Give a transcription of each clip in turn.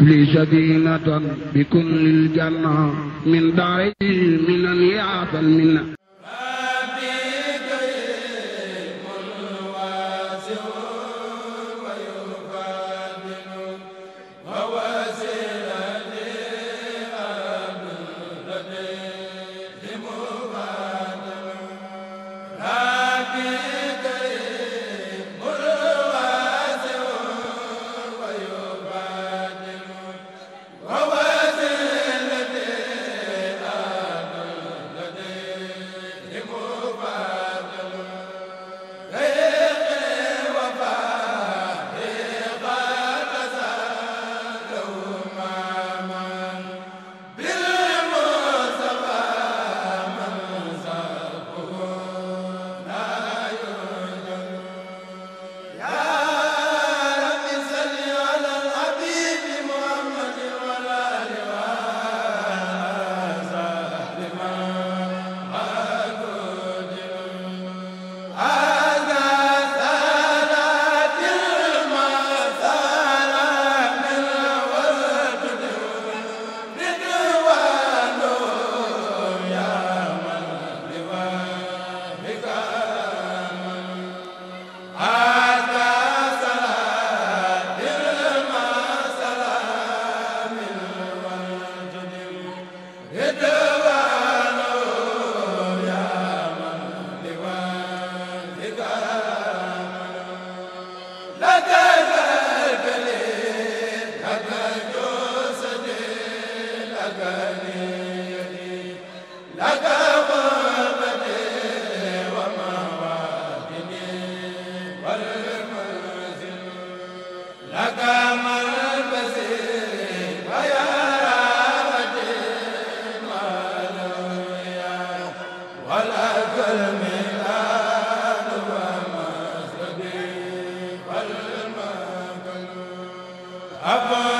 لي سكينة بكل الجنة من داري من يعطى المنة ab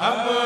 am